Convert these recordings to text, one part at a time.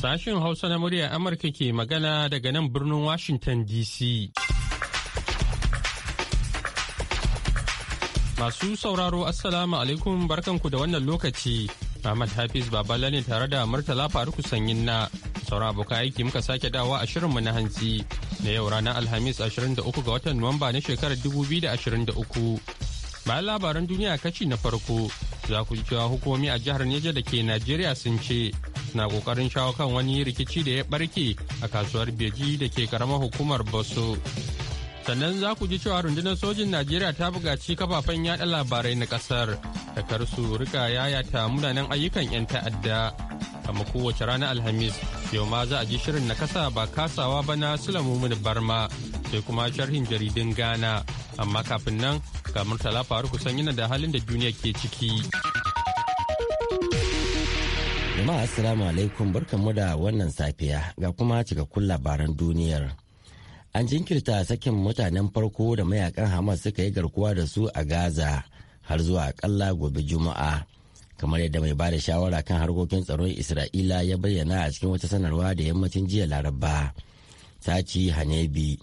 Sashen Hausa na muryar Amurka ke magana daga nan birnin Washington DC. Masu sauraro Assalamu alaikum barkanku da wannan lokaci. Ahmad Hafiz Babala ne tare da Murtala Faruku Sanyin na sauran abokan aiki muka sake dawa a mu na hantsi na yau ranar Alhamis 23 ga watan Nuwamba na shekarar 2023. Bayan labaran duniya kashi na farko za ku ji cewa hukumomi a jihar Neja da ke Najeriya sun ce na kokarin shawo kan wani rikici da ya barke a kasuwar beji da ke karamar hukumar basu sannan za ku ji cewa rundunar sojin najeriya ta bugaci kafafen yada labarai na kasar da kar su rika yayata munanan ayyukan 'yan ta'adda kama kowace ranar alhamis yau ma za a ji shirin na kasa ba kasawa ba na sulamumin barma sai kuma sharhin jaridin ghana amma kafin nan ga murtala faru kusan yana da halin da duniya ke ciki. Jama'a Assalamu alaikum barkanmu da wannan safiya ga kuma cikakkun labaran duniyar. An jinkirta sakin mutanen farko da mayakan Hamas suka yi garkuwa da su a Gaza har zuwa akalla gobe Juma'a. Kamar yadda mai bada shawara kan harkokin tsaron Isra'ila ya bayyana a cikin wata sanarwa da yammacin jiya Laraba. Saci Hanebi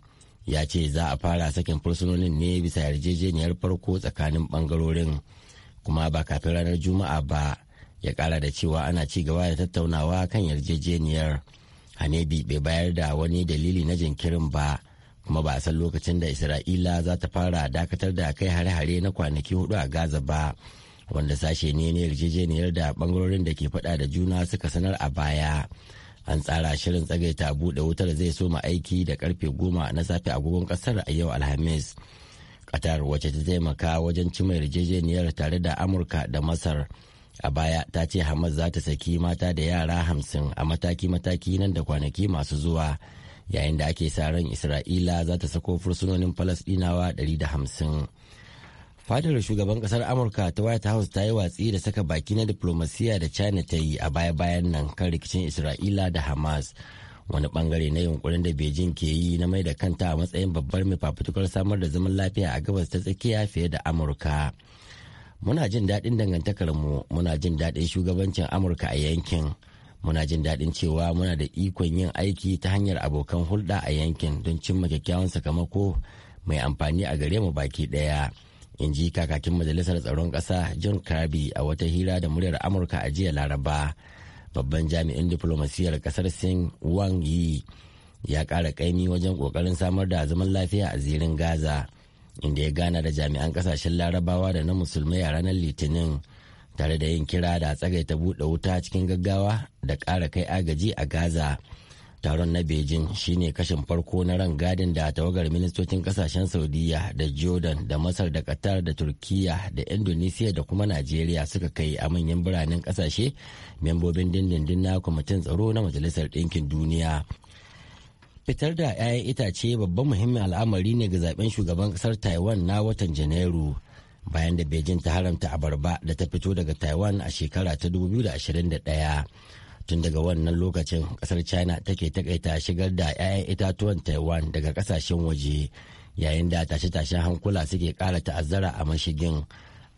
ya ce za a fara sakin fursunonin ne bisa yarjejeniyar farko tsakanin bangarorin kuma ba kafin ranar Juma'a ba. ya kara da cewa ana ci gaba da tattaunawa kan yarjejeniyar hanebi bai bayar da wani dalili na jinkirin ba kuma ba a san lokacin da isra'ila za ta fara dakatar da kai hare-hare na kwanaki hudu a gaza ba wanda sashe ne na yarjejeniyar da bangarorin da ke fada da juna suka sanar a baya an tsara shirin tsagaita buɗe wutar zai so ma aiki da karfe goma na safe agogon kasar a yau alhamis qatar wacce ta taimaka wajen cimma yarjejeniyar tare da amurka da masar a baya ta ce hamas za ta saki mata da yara hamsin a mataki-mataki nan da kwanaki masu zuwa yayin da ake sa ran isra'ila za ta sako fursunonin falasdinawa 150 fadar shugaban kasar amurka ta white house ta yi watsi da saka baki na diplomasiya da china ta yi a baya-bayan nan kan rikicin isra'ila da hamas wani bangare na yunkurin da beijing ke yi na mai da kanta a matsayin babbar mai fafutukar samar da zaman lafiya a gabas ta tsakiya fiye da amurka. muna jin daɗin dangantakarmu muna jin daɗin shugabancin amurka a yankin muna jin daɗin cewa muna da ikon yin aiki ta hanyar abokan hulɗa a yankin don cimma kyakkyawan sakamako mai amfani a gare mu baki ɗaya in ji kakakin majalisar tsaron ƙasa john kirby a wata hira da muryar amurka a jiya laraba babban jami'in diflomasiyyar ƙasar sin wang yi ya ƙara ƙaimi wajen ƙoƙarin samar da zaman lafiya a zirin gaza inda ya gana da jami'an kasashen larabawa da na musulmai a ranar litinin tare da yin kira da tsagaita buɗe wuta cikin gaggawa da ƙara kai agaji a gaza taron na beijing shine kashin farko na ran gadin da tawagar ministocin kasashen saudiya da jordan da masar da qatar da turkiya da indonesia da kuma najeriya suka kai a manyan biranen kasashe membobin dindindin na kwamitin tsaro na majalisar ɗinkin duniya fitar da 'ya'yan itace babban muhimmin al'amari ne ga zaben shugaban kasar taiwan na watan janairu bayan da beijing ta haramta abarba da ta fito daga taiwan a shekara ta 2021 tun daga wannan lokacin kasar china take takaita shigar da 'ya'yan itatuwan taiwan daga kasashen waje yayin da tashe-tashen hankula suke kara ta'azzara a mashigin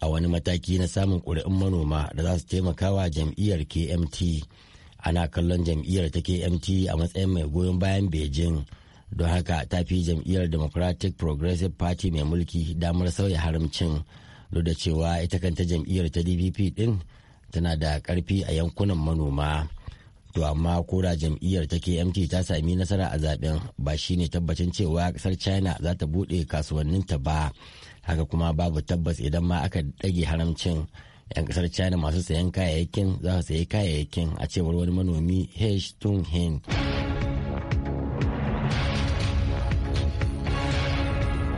a wani mataki na samun ƙuri'un manoma da za su taimaka jam'iyyar kmt ana kallon jam'iyyar ta kmt a matsayin mai goyon bayan beijing don haka ta fi jam'iyyar democratic progressive party mai mulki damar sauya haramcin duk da cewa ita kanta jam'iyyar ta dpp din tana da karfi a yankunan manoma to amma kora jam'iyyar ta kmt ta sami nasara a zaben ba shine tabbacin cewa kasar china za ta buɗe kasuwanninta ba haka kuma babu tabbas idan ma aka dage haramcin 'yan kasar china masu sayan kayayyakin za su sayi kayayyakin a cewar wani manomi h tung hin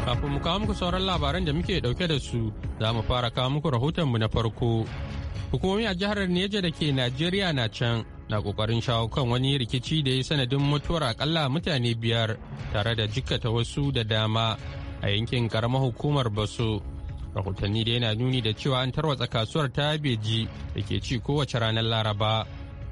kafin mu kawo muku sauran labaran da muke dauke da su za mu fara kawo muku rahotonmu na farko hukumomi a jihar neja da ke najeriya na can na kokarin shawo kan wani rikici da ya sanadin mutuwar akalla mutane biyar tare da jikkata wasu da dama a yankin karamar hukumar baso rahotanni da yana nuni da cewa an tarwatsa kasuwar ta beji da ke ci kowace ranar laraba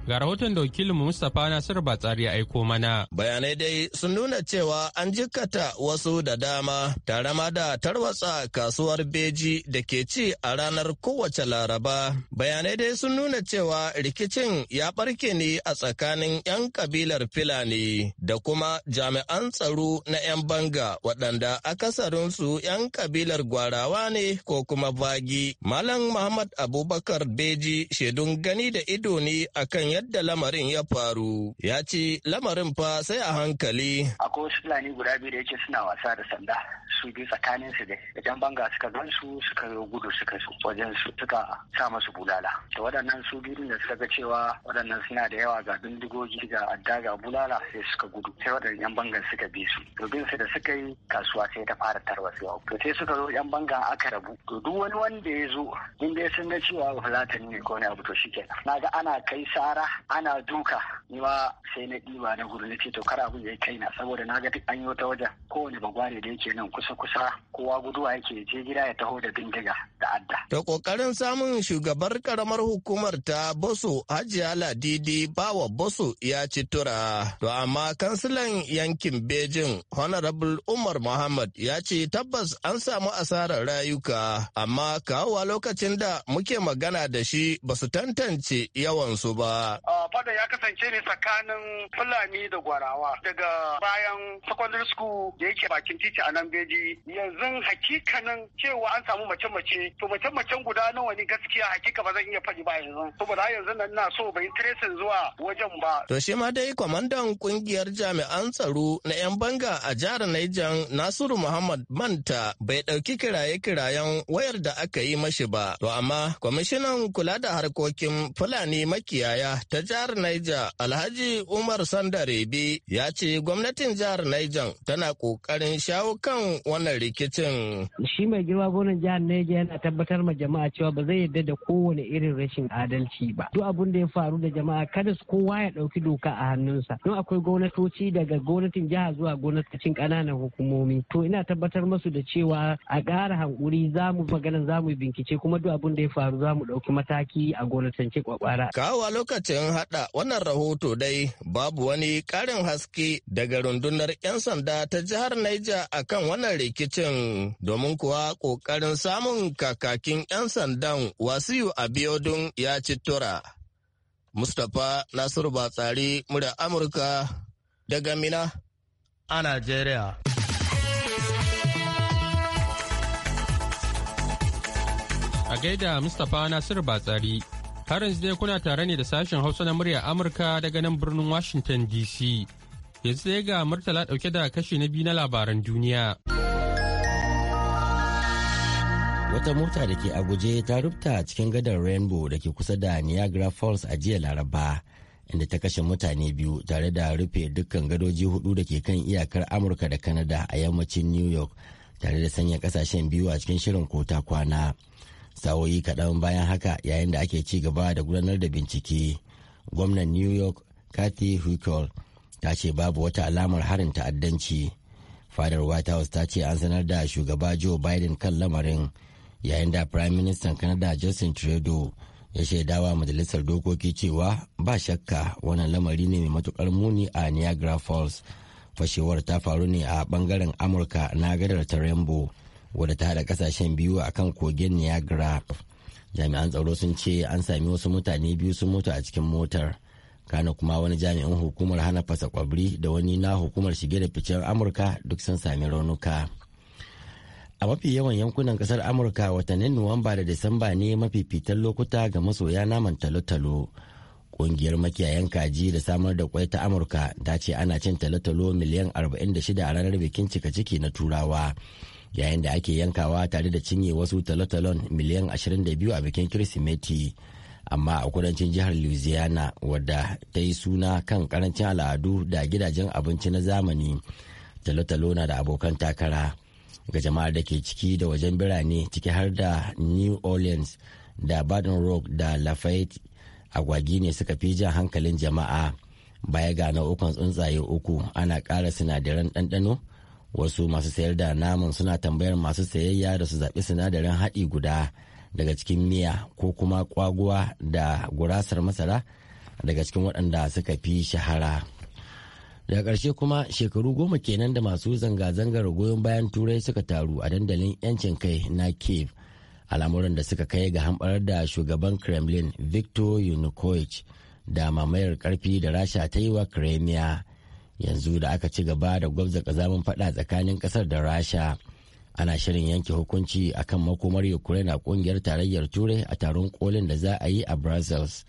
Ga rahoton da wakilinmu Mustapha Nasiru tsari ya aiko mana. Bayanai dai sun nuna cewa an jikata wasu da dama tare ma da tarwatsa kasuwar Beji da ke ci a ranar kowace Laraba. Bayanai dai sun nuna cewa rikicin ya barke ne a tsakanin 'yan kabilar Fulani da kuma jami'an tsaro na 'yan banga waɗanda akasarinsu 'yan kabilar Gwarawa ne ko kuma Bagi. Malam Muhammad Abubakar Beji shaidun gani da ido ne akan yadda lamarin ya faru ya ce lamarin fa sai a hankali. Akwai wasu Fulani guda biyu da yake suna wasa da sanda su biyu tsakanin su dai idan banga suka gan su suka yi gudu suka wajen su suka sa masu bulala. to waɗannan su biyu da suka ga cewa waɗannan suna da yawa ga bindigogi ga adda ga bulala sai suka gudu sai waɗannan yan bangan suka bi su. to bin su da suka yi kasuwa sai ta fara tarwatsewa. To sai suka zo yan banga aka rabu. To duk wani wanda ya zo in dai sun ga cewa Fulatani ne ko wani abu to shi kenan. Na ga ana kai sara ana duka ni ma sai na ɗiba na gudu na to kar abin ya kai na saboda na ga duk an yi wata wajen kowane bagware da yake nan kusa kusa kowa guduwa yake je gida ya taho da bindiga da adda. Da kokarin samun shugabar karamar hukumar ta Boso Hajiya Ladidi Bawa Boso ya ci tura. To amma kansilan yankin Bejin Honorable Umar Muhammad ya ce tabbas an samu asarar rayuka amma kawo lokacin da muke magana da shi ba su tantance yawansu ba. Ah, Fadan ya kasance ne tsakanin Fulani da Gwarawa daga bayan secondary school da yake bakin titi a nan beji yanzu hakikanin cewa an samu mace-mace to mace-macen guda nawa ne gaskiya hakika ba zan iya faɗi ba yanzu saboda yanzu nan na so bai tresin zuwa wajen ba. To shi ma dai kwamandan kungiyar jami'an tsaro na 'yan banga a jihar Niger Nasiru Muhammad Manta bai ɗauki kiraye-kirayen wayar da aka yi mashi ba. To amma kwamishinan kula da harkokin Fulani makiyaya ta jihar Niger Alhaji Umar Sandarebe ya ce gwamnatin jihar Niger tana kokarin shawo kan wannan rikicin. Shi mai girma gwamnan jihar Niger yana tabbatar ma jama'a cewa ba zai yarda da kowane irin rashin adalci ba. Duk abin da ya faru da jama'a kada su kowa ya ɗauki doka a hannunsa. Don akwai gwamnatoci daga gwamnatin jiha zuwa gwamnatocin ƙananan hukumomi. To ina tabbatar masu da cewa a ƙara hankuri za mu maganan za mu bincike kuma duk abin da ya faru za mu ɗauki mataki a gwamnatance kwakwara. Kawo lokaci lokacin hada wannan rahoto dai babu wani karin haske daga rundunar 'yan sanda ta jihar Niger akan wannan rikicin domin kuwa kokarin samun kakakin 'yan sandan wasiyu biyodun ya ci tura. Mustapha Nasiru Batsari murya Amurka daga Mina a Najeriya. A gaida Mustapha Nasiru Batsari Har yanzu dai kuna tare ne da sashen Hausa na murya Amurka daga nan birnin Washington DC. Yanzu dai ga Murtala ɗauke da kashi na biyu na labaran duniya. Wata mota da ke a guje ta rubta cikin gadar Rainbow da ke kusa da Niagara Falls a jiya Laraba. inda ta kashe mutane biyu tare da rufe dukkan gadoji hudu da ke kan iyakar amurka da kanada a yammacin new york tare da sanya kasashen biyu a cikin shirin kota kwana sa'o'i kaɗan bayan haka yayin da ake ci gaba da gudanar da bincike gwamnan new york kathy huckel ta ce babu wata alamar harin ta'addanci fadar white house ta ce an sanar da shugaba joe biden kan lamarin yayin da prime minister canada justin trudeau ya shaidawa majalisar dokoki cewa ba shakka wannan lamari ne mai matukar muni a niagara falls fashewar ta faru ne a bangaren amurka na gadar ta rainbow wadda ta haɗa kasashen biyu a kan kogin niagara jami'an tsaro sun ce an sami wasu mutane biyu sun mutu a cikin motar kana kuma wani jami'in hukumar hana fasa kwabri da wani na hukumar shige da ficen amurka duk sun sami raunuka a mafi yawan yankunan kasar amurka watannin nuwamba da disamba ne mafifitan lokuta ga masoya naman talotalo, ƙungiyar kungiyar makiyayan kaji da samar da kwai ta amurka ta ce ana cin talotalo miliyan 46 a ranar bikin cika ciki na turawa yayin da ake yankawa tare da cinye wasu talotalon miliyan 22 a bikin kirsimeti amma a kudancin jihar louisiana wadda ta yi suna kan karancin al'adu da gidajen abinci na zamani talotalo na da abokan takara ga jama'ar da ke ciki da wajen birane ciki har da new orleans da baden rock da lafayette agwagi ne suka fi jan hankalin jama'a baya ga nau'ukan tsuntsaye uku ana ƙara sinadaran ɗanɗano wasu masu sayar da naman suna tambayar masu sayayya da su zaɓi sinadarin haɗi guda daga cikin miya ko kuma kwaguwa da gurasar masara daga cikin waɗanda suka fi shahara daga ƙarshe kuma shekaru goma kenan da masu zanga-zangar goyon bayan turai suka taru a dandalin 'yancin kai na kiev al'amuran da suka kai ga hamɓarar da shugaban kremlin victor yanukovych da mamayar karfi da rasha ta yi wa kremiya yanzu da aka ci gaba da gwabza kazamin fada tsakanin kasar da rasha ana shirin yanke hukunci a kan makomar ukraine a kungiyar tarayyar turai a taron kolin da za a yi a brussels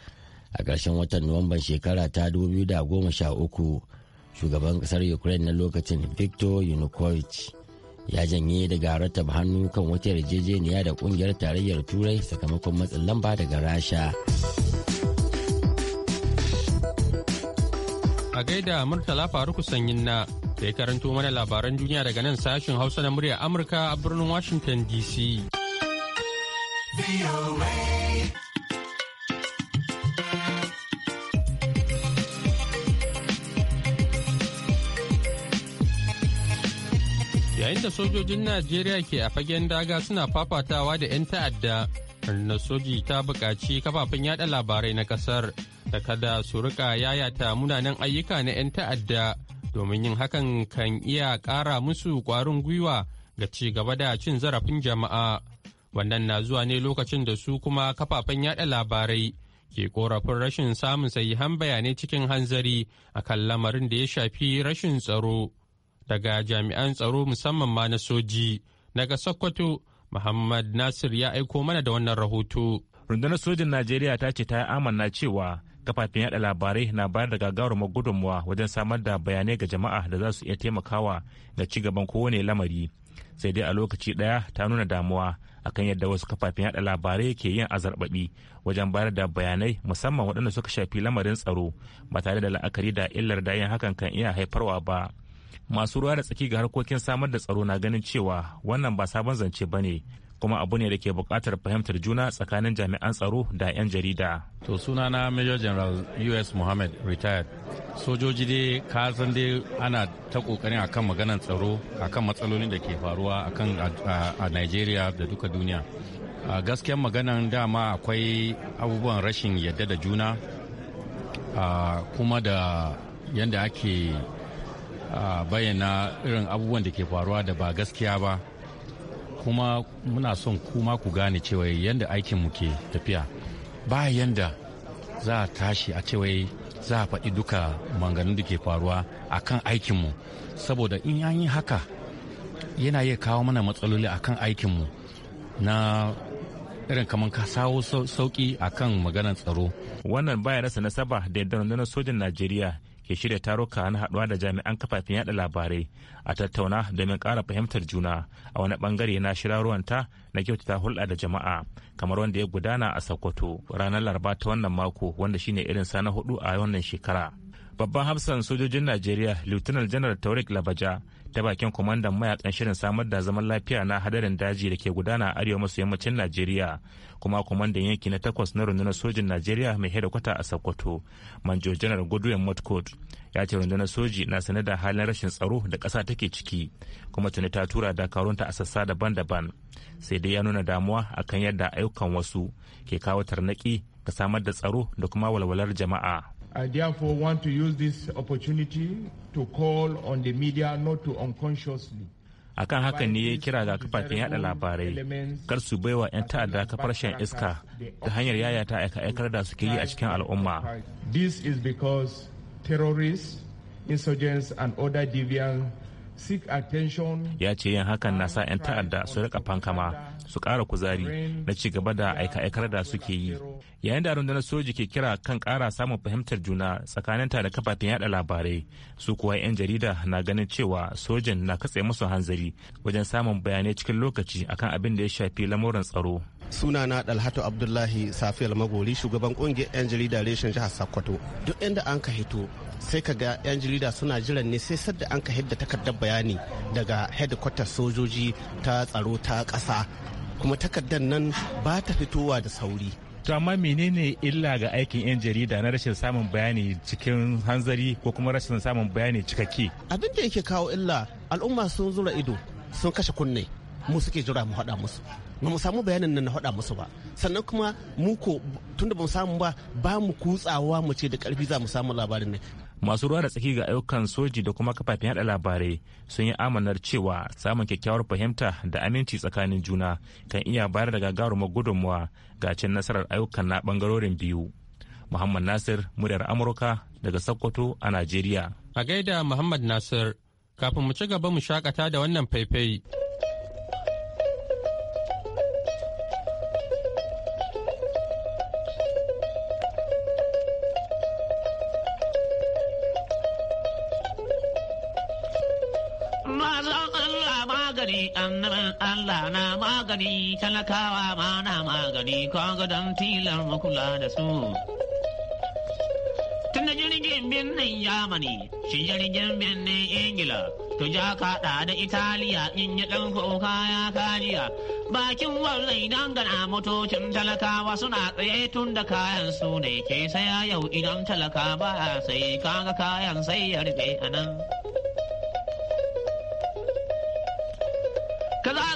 a ƙarshen watan nuwamban shekara ta 2013 shugaban kasar ukraine na lokacin victor yanukovych ya janye daga rattab hannu kan wata yarjejeniya da kungiyar tarayyar turai sakamakon matsin lamba daga rasha. a gaida Murtala Faruku Sanyin na da ya karanto mana labaran duniya daga nan sashen Hausa na murya Amurka a birnin Washington DC. Yayin da sojojin Najeriya ke a fagen daga suna fafatawa da 'yan ta'adda, na soji ta buƙaci kafafen yada labarai na ƙasar da su rika yayata munanan ayyuka na 'yan ta'adda domin yin hakan kan iya ƙara musu ƙwarin gwiwa ga ci gaba da cin zarafin jama'a wannan na zuwa ne lokacin da su kuma kafafen yada labarai ke korafin rashin samun sahihan bayanai cikin hanzari a kan lamarin da ya shafi rashin tsaro daga jami'an tsaro musamman ma na soji daga sokoto muhammad nasir ya aiko mana da wannan rahoto rundunar sojin najeriya ta ce ta yi amanna cewa kafafen yada labarai na bayar da gagarumar gudunmuwa wajen samar da bayanai ga jama'a da za su iya taimakawa ga ci gaban kowane lamari sai dai a lokaci ɗaya ta nuna damuwa akan yadda wasu kafafen yada labarai ke yin azarbabi wajen bayar da bayanai musamman waɗanda suka shafi lamarin tsaro ba tare da la'akari da illar da yin hakan kan iya haifarwa ba masu ruwa da tsaki ga harkokin samar da tsaro na ganin cewa wannan ba sabon zance ba ne kuma abu ne da ke buƙatar fahimtar juna tsakanin jami'an tsaro da 'yan jarida. To suna na Major General U.S. Mohammed retired. Sojoji dai ka san dai ana ta kokarin akan maganar tsaro akan matsalolin da ke faruwa akan a Nigeria da duka duniya. A gaskiyar maganan dama akwai abubuwan rashin yadda da juna kuma da yadda ake bayyana irin abubuwan da ke faruwa da ba gaskiya ba. kuma muna son kuma ku gane cewa yadda aikin mu ke tafiya ba yadda za a tashi a cewa za a faɗi duka manganin da ke faruwa a kan aikinmu saboda in an yi haka yana iya kawo mana matsaloli a kan aikinmu na irin kamar ka sawo sauƙi a kan maganar tsaro wannan baya rasa nasaba da yadda rundunar sojan najeriya ke shirya taruka na haduwa da jami'an kafafen yada labarai a tattauna domin kara fahimtar juna a wani bangare na shirarwanta na kyautata hulɗa da jama'a kamar wanda ya gudana a sokoto ranar laraba ta wannan mako wanda shine irin sa na hudu a wannan shekara. babban hafsan sojojin najeriya lieutenant general taurik labaja ta bakin kwamandan mayakan shirin samar da zaman lafiya na hadarin daji da ke gudana a arewa maso yammacin najeriya kuma kwamandan yanki na takwas na rundunar sojin najeriya mai hedikwata a sokoto manjo janar godwin motkot ya ce rundunar soji na sane da halin rashin tsaro da ƙasa take ciki kuma tuni ta tura dakarunta a sassa daban-daban sai dai ya nuna damuwa akan yadda ayyukan wasu ke kawo tarnaki ga samar da tsaro da kuma walwalar jama'a I therefore want to use this opportunity to call on the media not to unconsciously akan haka ne ya kira ga kafafen yada labarai kar su baiwa 'yan ta'adda kafar shan iska ta hanyar yayata aika-aikar da suke yi a cikin al'umma. This is because terrorists, insurgents and other deviant ya ce yin hakan na sa 'yan ta'adda su rika fankama su kara kuzari na ci gaba da aika-aikar da suke yi yayin da rundunar soji ke kira kan kara samun fahimtar juna tsakanin ta da kafafen yada labarai su kuwa 'yan jarida na ganin cewa sojan na katse musu hanzari wajen samun bayanai cikin lokaci akan abin da ya shafi lamuran tsaro suna na dalhatu abdullahi safiyar magori shugaban kungiyar 'yan jarida reshen jihar sokoto duk inda an ka hito sai ka ga 'yan jarida suna jiran ne sai sadda an ka hidda takardar bayani daga headquarter sojoji ta tsaro ta kasa kuma takardar nan ba ta fitowa da sauri to amma menene illa ga aikin 'yan jarida na rashin samun bayani cikin hanzari ko kuma rashin samun bayani cikakke abin da yake kawo illa al'umma sun zura ido sun kashe kunne mu suke jira mu haɗa musu ba mu samu bayanin nan na haɗa musu ba sannan kuma mu ko tunda ba mu samu ba ba mu kutsawa mu ce da karfi za mu samu labarin ne masu ruwa da tsaki ga ayyukan soji da kuma kafafen yada labarai sun yi amanar cewa samun kyakkyawar fahimta da aminci tsakanin juna kan iya bayar da gagarumar gudunmuwa ga cin nasarar ayyukan na bangarorin biyu muhammad nasir muryar amurka daga sokoto a najeriya a gaida muhammad nasir kafin mu ci gaba mu shakata da wannan faifai talakawa ma na magani kaga don tilar makula da su. Tun da jirgin birnin Yamani, shi jirgin birnin Ingila, to ja kaɗa da Italiya in yi ɗan kuka ya kajiya. Bakin idan gana motocin talakawa suna tsaye tun da kayan su ne ke saya yau idan talaka ba sai kaga kayan sai ya rufe a nan.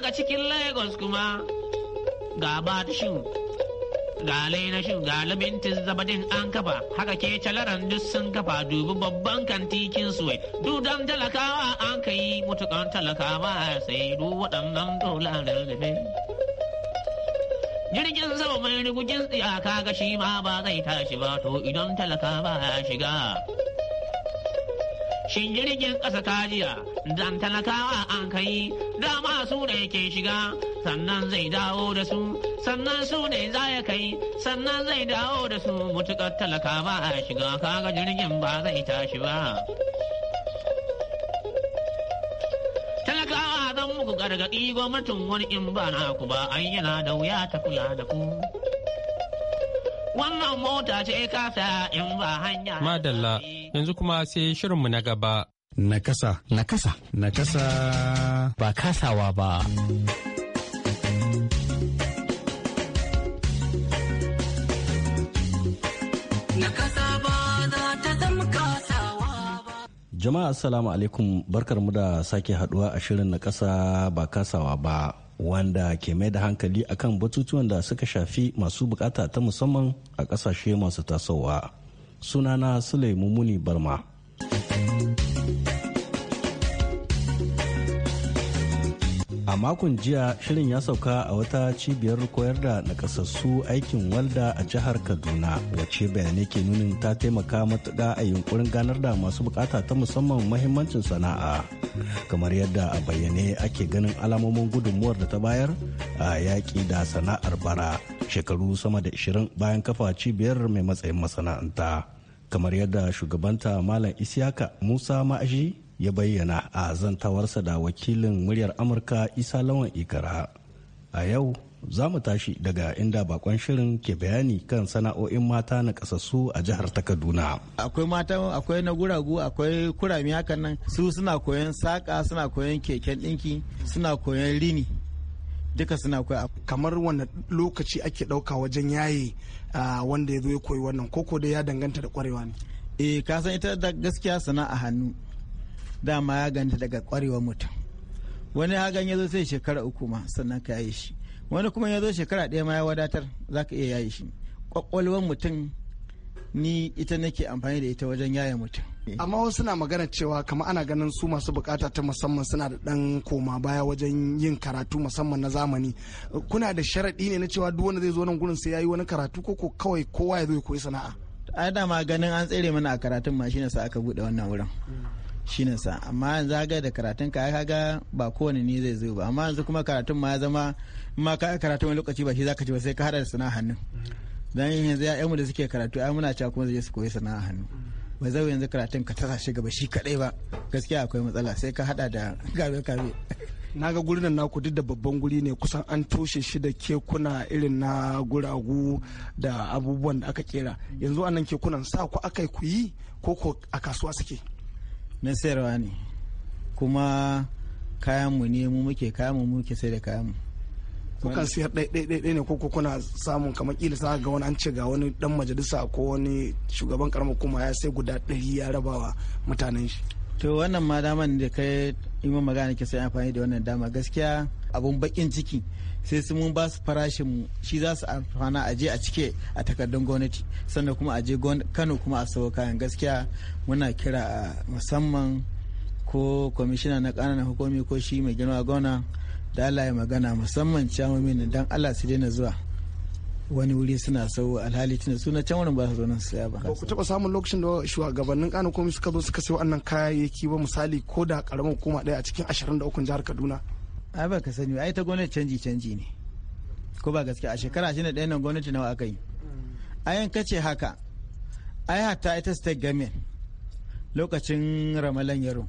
ka cikin Lagos kuma ga batishin ga ga labintin zabadin an kafa haka ke calaran duk sun kafa dubi babban kantikin Duk dudan talakawa an ka yi mutukan talakawa sai du waɗannan dolarar da ne jirgin sama mai rigujin tsiyaka ga shi ma ba zai tashi ba to idan talakawa ya shiga shin jirgin ƙasa kajiya dan talakawa an kai dama su ne ke shiga sannan zai dawo da su sannan su ne za ya kai sannan zai dawo da su mutukar talaka ba a shiga kaga jirgin ba zai tashi ba talakawa zan muku gargaɗi gwamnatin wani in ba na ku ba an yana da wuya ta kula da ku wannan mota ce kasa in ba hanya madalla yanzu kuma sai shirinmu na gaba nakasa nakasa nakasa ba kasawa ba Jama'a assalamu alaikum barkar mu da sake haduwa a shirin na kasa ba kasawa ba wanda ke mai da hankali akan batutuwan da suka shafi masu bukata ta musamman a kasashe masu tasowa. Sunana Sulaimu Muni Barma. a makon jiya shirin ya sauka a wata cibiyar koyar da nakasassu aikin walda a jihar kaduna wacce bayanai ke nunin ta taimaka matuƙa a yunkurin ganar da masu bukata ta musamman mahimmancin sana'a kamar yadda a bayyane ake ganin alamomin gudunmuwar da ta bayar a yaƙi da sana'ar bara shekaru sama da 20 bayan kafa cibiyar mai matsayin masana'anta kamar yadda shugabanta malam isiyaka musa ma'aji ya bayyana a zantawarsa da wakilin muryar amurka isa lawan ikara a yau za mu tashi daga inda bakon shirin ke bayani kan sana'o'in mata na kasassu a jihar ta kaduna akwai mata akwai na guragu akwai kurami hakan nan su suna koyon saƙa suna koyon keken ɗinki suna koyon rini duka suna koya kamar wani lokaci ake ɗauka wajen yaye wanda ya zo ya koyi wannan koko da ya danganta da kwarewa ne eh ka san ita da gaskiya sana'a hannu dama ya ganta daga kwarewar mutum wani hagan ya zo sai shekara uku ma sannan ka yaye shi wani kuma ya zo shekara ɗaya ma ya wadatar za ka iya yaye shi kwakwalwar mutum ni ita nake amfani da ita wajen yaye mutum amma wasu na magana cewa kama ana ganin su masu bukata ta musamman suna da dan koma baya wajen yin karatu musamman na zamani kuna da sharaɗi ne na cewa duk wanda zai zo nan gurin sai yayi wani karatu ko ko kawai kowa ya zo ya koyi sana'a ai dama ganin an tsere mana a karatun ma shine sa aka bude wannan wurin shine sa amma yanzu ga da karatun ka kaga ba kowane ne zai zo ba amma yanzu kuma karatun ma ya zama ma ka karatun wani lokaci ba shi zaka ci ba sai ka hada da sana'a hannu dan yanzu ya mu da suke karatu ai muna cewa kuma zai su koyi sana'a hannu ba zai yanzu karatun ka tasa shi gaba shi kadai ba gaskiya akwai matsala sai ka hada da gabe gabe na ga gurin naku duk da babban guri ne kusan an toshe shi da kekuna irin na guragu da abubuwan da aka kera yanzu anan kekunan sa ku aka yi ku yi ko ko a kasuwa suke na sayarwa ne kuma kayanmu ne mu muke kayanmu muke sai da kayanmu kukan siyar ɗaiɗaiɗaiɗai ne ko kuna samun kamar kila sa ga wani an ce ga wani dan majalisa ko wani shugaban karama kuma ya sai guda ɗari ya rabawa mutanen shi to wannan ma daman da kai imam magana ke sai amfani da wannan dama gaskiya abun bakin ciki sai su mun ba farashin mu shi za su amfana a je a cike a takardun gwamnati sannan kuma a je kano kuma a sayo kayan gaskiya muna kira a musamman ko kwamishina na kananan hukumi ko shi mai girma gona da ya magana musamman camomin dan Allah su daina zuwa wani wuri suna sau alhali tuna suna can wurin ba su zo nan ya ba. ku taɓa samun lokacin da shugabannin kanin komi suka zo suka sayo wannan kayayyaki ba misali ko da karamar hukuma daya a cikin 23 jihar Kaduna. ai ba ka sani ai ta gwamnati canji canji ne ko ba gaske a shekara shi da ɗaya nan gwamnati nawa aka yi ayan kace haka ai hatta ita state government lokacin ramalan yaro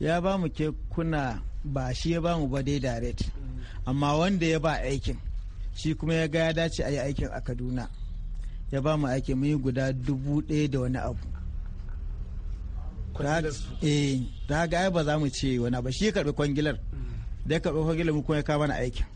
ya ba mu kekuna ba shi ya ba mu ba dai direct amma wanda ya ba aikin shi kuma ya ga ya dace a yi aikin a kaduna ya ba mu aiki mun yi guda dubu ɗaya da wani abu eh da ga ai ba za mu ce wani ba shi ya karbi kwangilar da ya karbi kwangilar mu kuma ya kawo mana aikin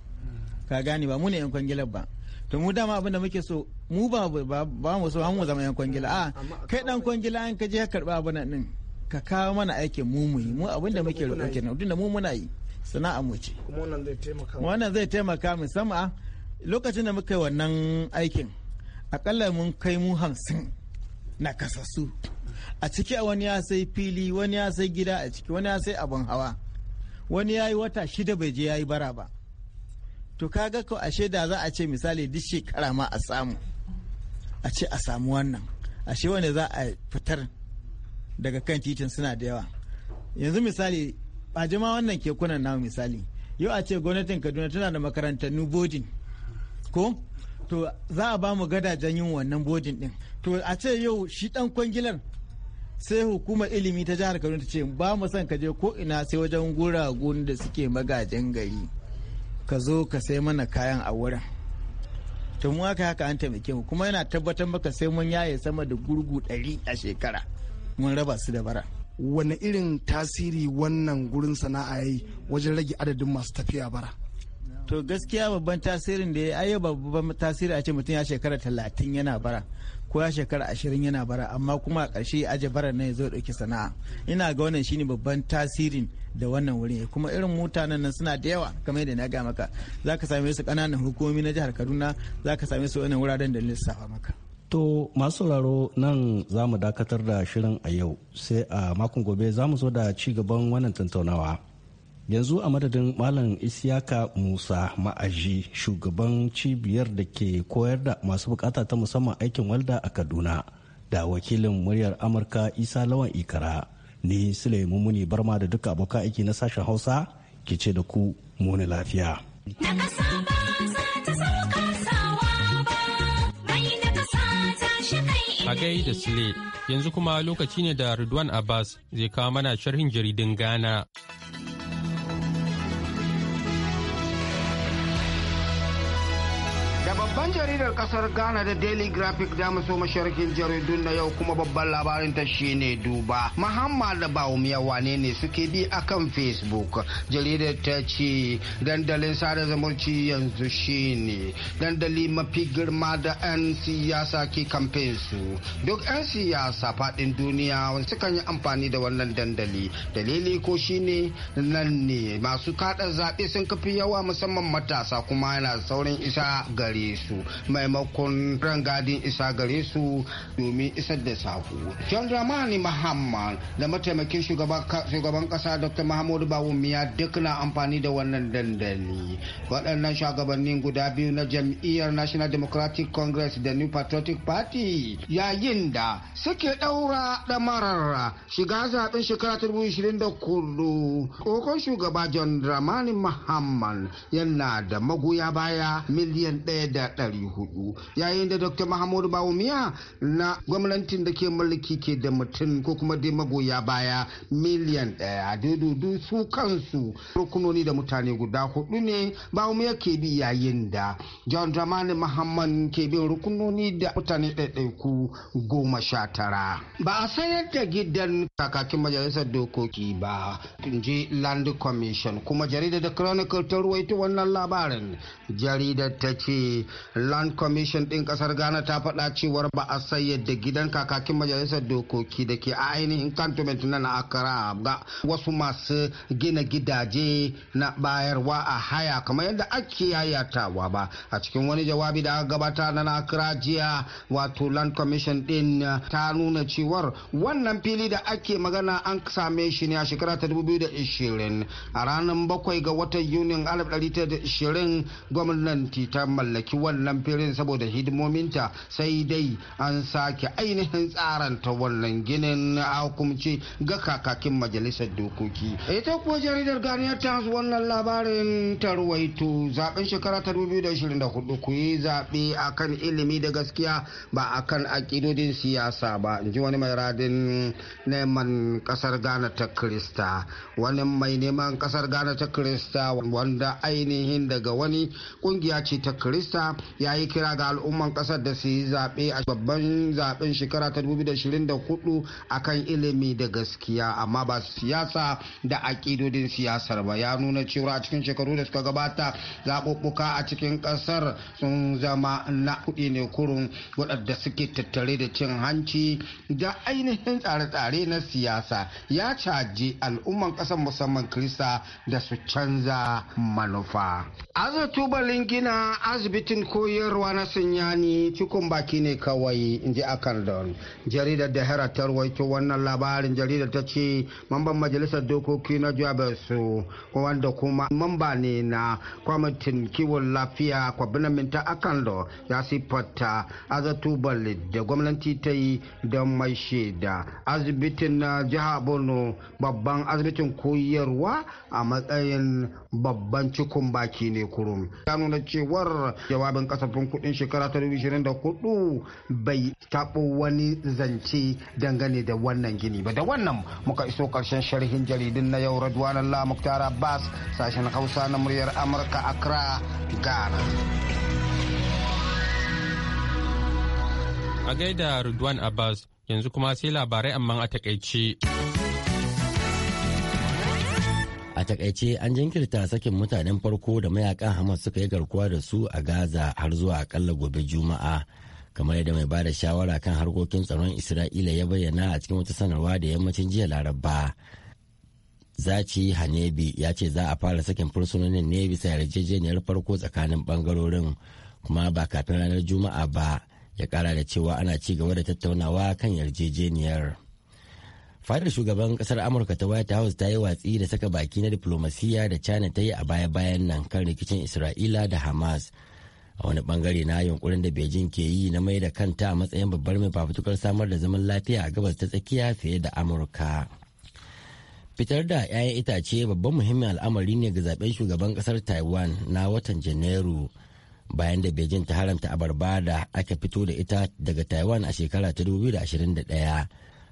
ka gane ba mu ne yan kwangilar ba to mu dama abin da muke so mu ba ba mu so an mu zama yan kwangila a kai dan kwangila an ka je ka karba abin nan ka kawo mana aikin mu mu mu abin da muke roƙo kenan tunda mu muna yi sana'a mu ce wannan zai taimaka sama lokacin da muka yi wannan aikin akalla mun kai mu hamsin na kasassu a ciki a wani ya sai fili wani ya sai gida a ciki wani ya sai abin hawa wani ya yi wata shida bai je ya yi bara ba to kaga ko ashe da za a ce misali duk shekara ma a samu a ce a samu wannan ashe wanda za a fitar daga kan titin suna da yawa yanzu misali a jima wannan ke kekunan na misali yau a ce gwamnatin kaduna tana da makarantar new bodin ko to za a ba mu gadajen yin wannan bodin din to a ce yau shi dan kwangilar sai hukumar ilimi ta jihar kaduna ta ce ba mu son ka je ko ina sai wajen guragu da suke magajin gari ka zo ka sai mana kayan a wurin to mu haka haka an taimake mu kuma yana tabbatar maka sai mun yaye sama da gurgu ɗari a shekara mun raba su da bara wani irin tasiri wannan gurin sana'a yi wajen rage adadin masu tafiya bara to gaskiya babban tasirin da ya yi babban tasiri a ce mutum ya shekara talatin yana bara ko ya shekara ashirin yana bara amma kuma a ƙarshe ya aje bara na ya zo ɗauki sana'a ina ga wannan shine babban tasirin da wannan wurin kuma irin mutanen nan suna da yawa kamar yadda na ga maka za ka same su ƙananan hukumomi na jihar kaduna za ka same su wannan wuraren da lissafa maka. To masu sauraro nan za mu dakatar da shirin a yau sai a makon gobe za mu zo da ci gaban wannan tattaunawa. yanzu a madadin malam isiyaka musa ma'aji shugaban cibiyar da ke koyar da masu bukata ta musamman aikin walda a kaduna da wakilin muryar amurka isa lawan ikara ni suleiman muni barma da duka abokan aiki na sashen hausa ke ce da ku muni lafiya a gai da sule yanzu kuma lokaci ne da ridwan abbas zai kawo mana sharhin jaridin ghana jaridar kasar ghana da daily graphic da maso masharhin jaridun na yau kuma babban labarin ta shine duba muhammad bawumiya wane ne suke bi akan facebook jaridar ta ce dandalin sada zumunci yanzu shine dandali mafi girma da 'yan siyasa ke kamfen su duk 'yan siyasa faɗin duniya sukan yi amfani da wannan dandali dalili ko shine nan ne masu kada zaɓe sun kafi yawa musamman matasa kuma yana saurin isa gare su maimakon rangadin isa gare su domin isar da saku. John Dramani Muhammad da mataimakin shugaban kasa Dr. Mahamudu Bawumiya duk na amfani da wannan dandali. Waɗannan shugabannin guda biyu na jam'iyyar National Democratic Congress da New Patriotic Party yayin da suke ɗaura ɗamarar shiga zaɓen shekara 2024 shugaba John Dramani yana da magoya baya miliyan ɗaya da ɗari hudu yayin da dr mahamudu bawumiya na gwamnatin da ke mulki ke da mutum ko kuma dai magoya baya miliyan daya dududu su kansu rukunoni da mutane guda hudu ne bawumiya ke bi yayin da john dramani mahamman ke bin rukunoni da mutane ɗaiɗaiku goma sha tara ba a sayar da gidan kakakin majalisar dokoki ba je ji land commission kuma jaridar da chronicle ta ruwaito wannan labarin jaridar ta ce land Land Commission ɗin kasar Ghana ta faɗa cewar ba a sayyada gidan kakakin majalisar dokoki da ke a ainihin cantonment na Accra ga wasu masu gina gidaje na bayarwa a haya kamar yadda ake yayatawa ba. A cikin wani jawabi da aka gabata na Accra jiya wato Land Commission din ta nuna cewar wannan fili da ake magana an same shi ne a shekara ta 2020 a ranar bakwai ga watan Yunin 1920 gwamnati ta mallaki wannan fili filin saboda hidimominta sai dai an sake ainihin tsaranta wannan ginin a hukumce ga kakakin majalisar dokoki ita kuwa jaridar ganiyar times wannan labarin tarwaito zaben shekara ta 2024 ku yi zaɓe a kan ilimi da gaskiya ba a kan akidodin siyasa ba in ji wani mai radin neman kasar ghana ta krista wani mai neman kasar ghana ta krista wanda ainihin daga wani ƙungiya ce ta krista ya yi kira ga al'umman kasar da su yi zaɓe a babban zaɓen shekara ta 2024 kan ilimi da gaskiya amma ba siyasa da aƙidodin siyasar ba ya nuna cewa a cikin shekaru da suka gabata zaɓuɓɓuka a cikin kasar sun zama na kuɗi ne kurun waɗanda suke tattare da cin hanci da ainihin tsare-tsare na siyasa ya caji al'umman kasar musamman krista da su canza manufa. azatu tubalin gina asibitin koyar koyarwa na sunyani cikon baki ne kawai in ji akardon jaridar da hera waito wannan labarin jarida ta ce mamban majalisar dokoki na jabesu wanda kuma mamba ne na kwamitin kiwon lafiya minta akan da ya siffata azatubal da gwamnati ta yi don mai shaida asibitin na jiha borno babban asibitin koyarwa a matsayin babban cikon baki ne kurum ya nuna cewar jawabin kasar kasafin kudin shekara ta 2024 bai tabo wani zance dangane da wannan gini ba da wannan muka iso karshen sharhin jaridun na yau radwanan la muktar sashen hausa na muryar amurka accra ghana a gaida Ridwan Abbas yanzu kuma sai labarai amma a takaice. a takaice an jinkirta sakin mutanen farko da mayakan hamas suka yi garkuwa da su a gaza har zuwa akalla gobe juma'a kamar yadda mai bada shawara kan harkokin tsaron isra'ila ya bayyana a cikin wata sanarwa da yammacin jiya laraba zaci hanebi ya ce za a fara sakin fursunonin ne bisa yarjejeniyar farko tsakanin bangarorin kuma ba kafin ranar juma'a ba ya kara da cewa ana ci gaba da tattaunawa kan yarjejeniyar. fadar shugaban kasar amurka ta white house ta yi watsi da saka baki na diplomasiya da china ta yi a baya-bayan nan kan rikicin isra'ila da hamas a wani bangare na yunkurin da beijing ke yi na mai da kanta a matsayin babbar mai fafutukar samar da zaman lafiya a gabas ta tsakiya fiye da amurka fitar da 'ya'yan itace babban muhimmin al'amari ne ga zaben shugaban kasar taiwan na watan janairu bayan da beijing ta haramta abarba da aka fito da ita daga taiwan a shekara ta 2021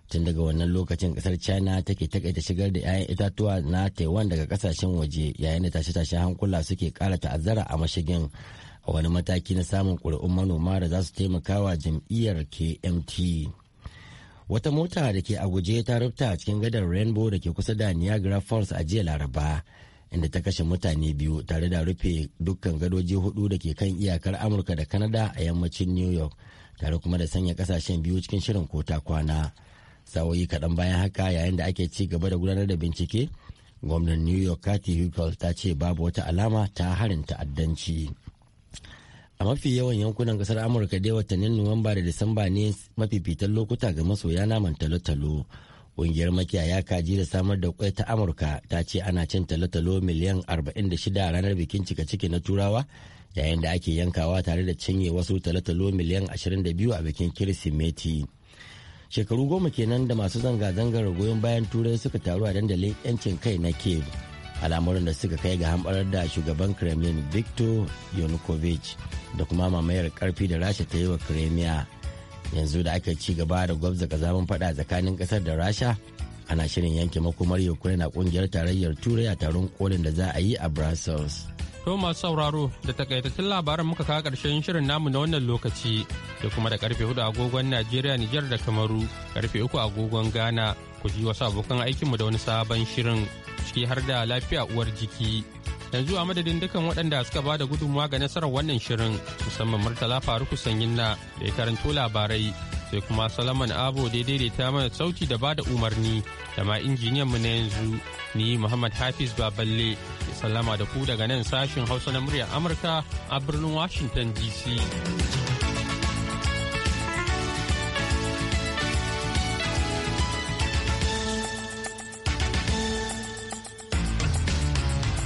tun daga wannan lokacin kasar china take takaita shigar da 'ya'yan itatuwa na taiwan daga kasashen waje yayin da tashe-tashe hankula suke kara ta'azzara a mashigin a wani mataki na samun ƙuri'un manoma da za su taimaka wa jam'iyyar kmt wata mota da ke a guje ta rufta cikin gadar rainbow da ke kusa da niagara falls a jiya laraba inda ta kashe mutane biyu tare da rufe dukkan gadoji hudu da ke kan iyakar amurka da kanada a yammacin new york tare kuma da sanya kasashen biyu cikin shirin kota kwana sawoyi kaɗan bayan haka yayin da ake ci gaba da gudanar da bincike gwamnan new york kathy huckel ta ce babu wata alama ta harin ta'addanci a mafi yawan yankunan kasar amurka dai watannin nuwamba da disamba ne mafifitan lokuta ga masoya naman talotalo, ƙungiyar makiyaya kaji da samar da kwai ta amurka ta ce ana cin talotalo miliyan 46 ranar bikin cika ciki na turawa yayin da ake yankawa tare da cinye wasu talotalo miliyan 22 a bikin kirsimeti shekaru goma kenan da masu zanga-zangar goyon bayan turai suka taru a dandalin yancin kai na kiev al'amuran da suka kai ga hamɓarar da shugaban kremlin victor yanukovych da kuma mamayar karfi da rasha ta yi wa kremiya yanzu da aka ci gaba da gwabza kazamin fada tsakanin kasar da rasha ana shirin yanke makomar ukraine a kungiyar tarayyar turai a taron kolin da za a yi a brussels To masu sauraro da takaitattun labaran muka kawo ƙarshen shirin namu na wannan lokaci da kuma da karfe hudu agogon Najeriya Nijar da Kamaru karfe uku agogon Ghana ku ji wasu abokan aikinmu da wani sabon shirin ciki har da lafiya uwar jiki. Yanzu a madadin dukan waɗanda suka ba da gudunmawa ga nasarar wannan shirin musamman Murtala Faruku Sanyinna na da ya karanto labarai sai kuma salaman Abo da ta mana sauti da bada umarni da ma injiniyan mu na yanzu ni Muhammad Hafiz Baballe salama sallama da ku daga nan sashin Hausa na muryar Amurka a birnin Washington DC.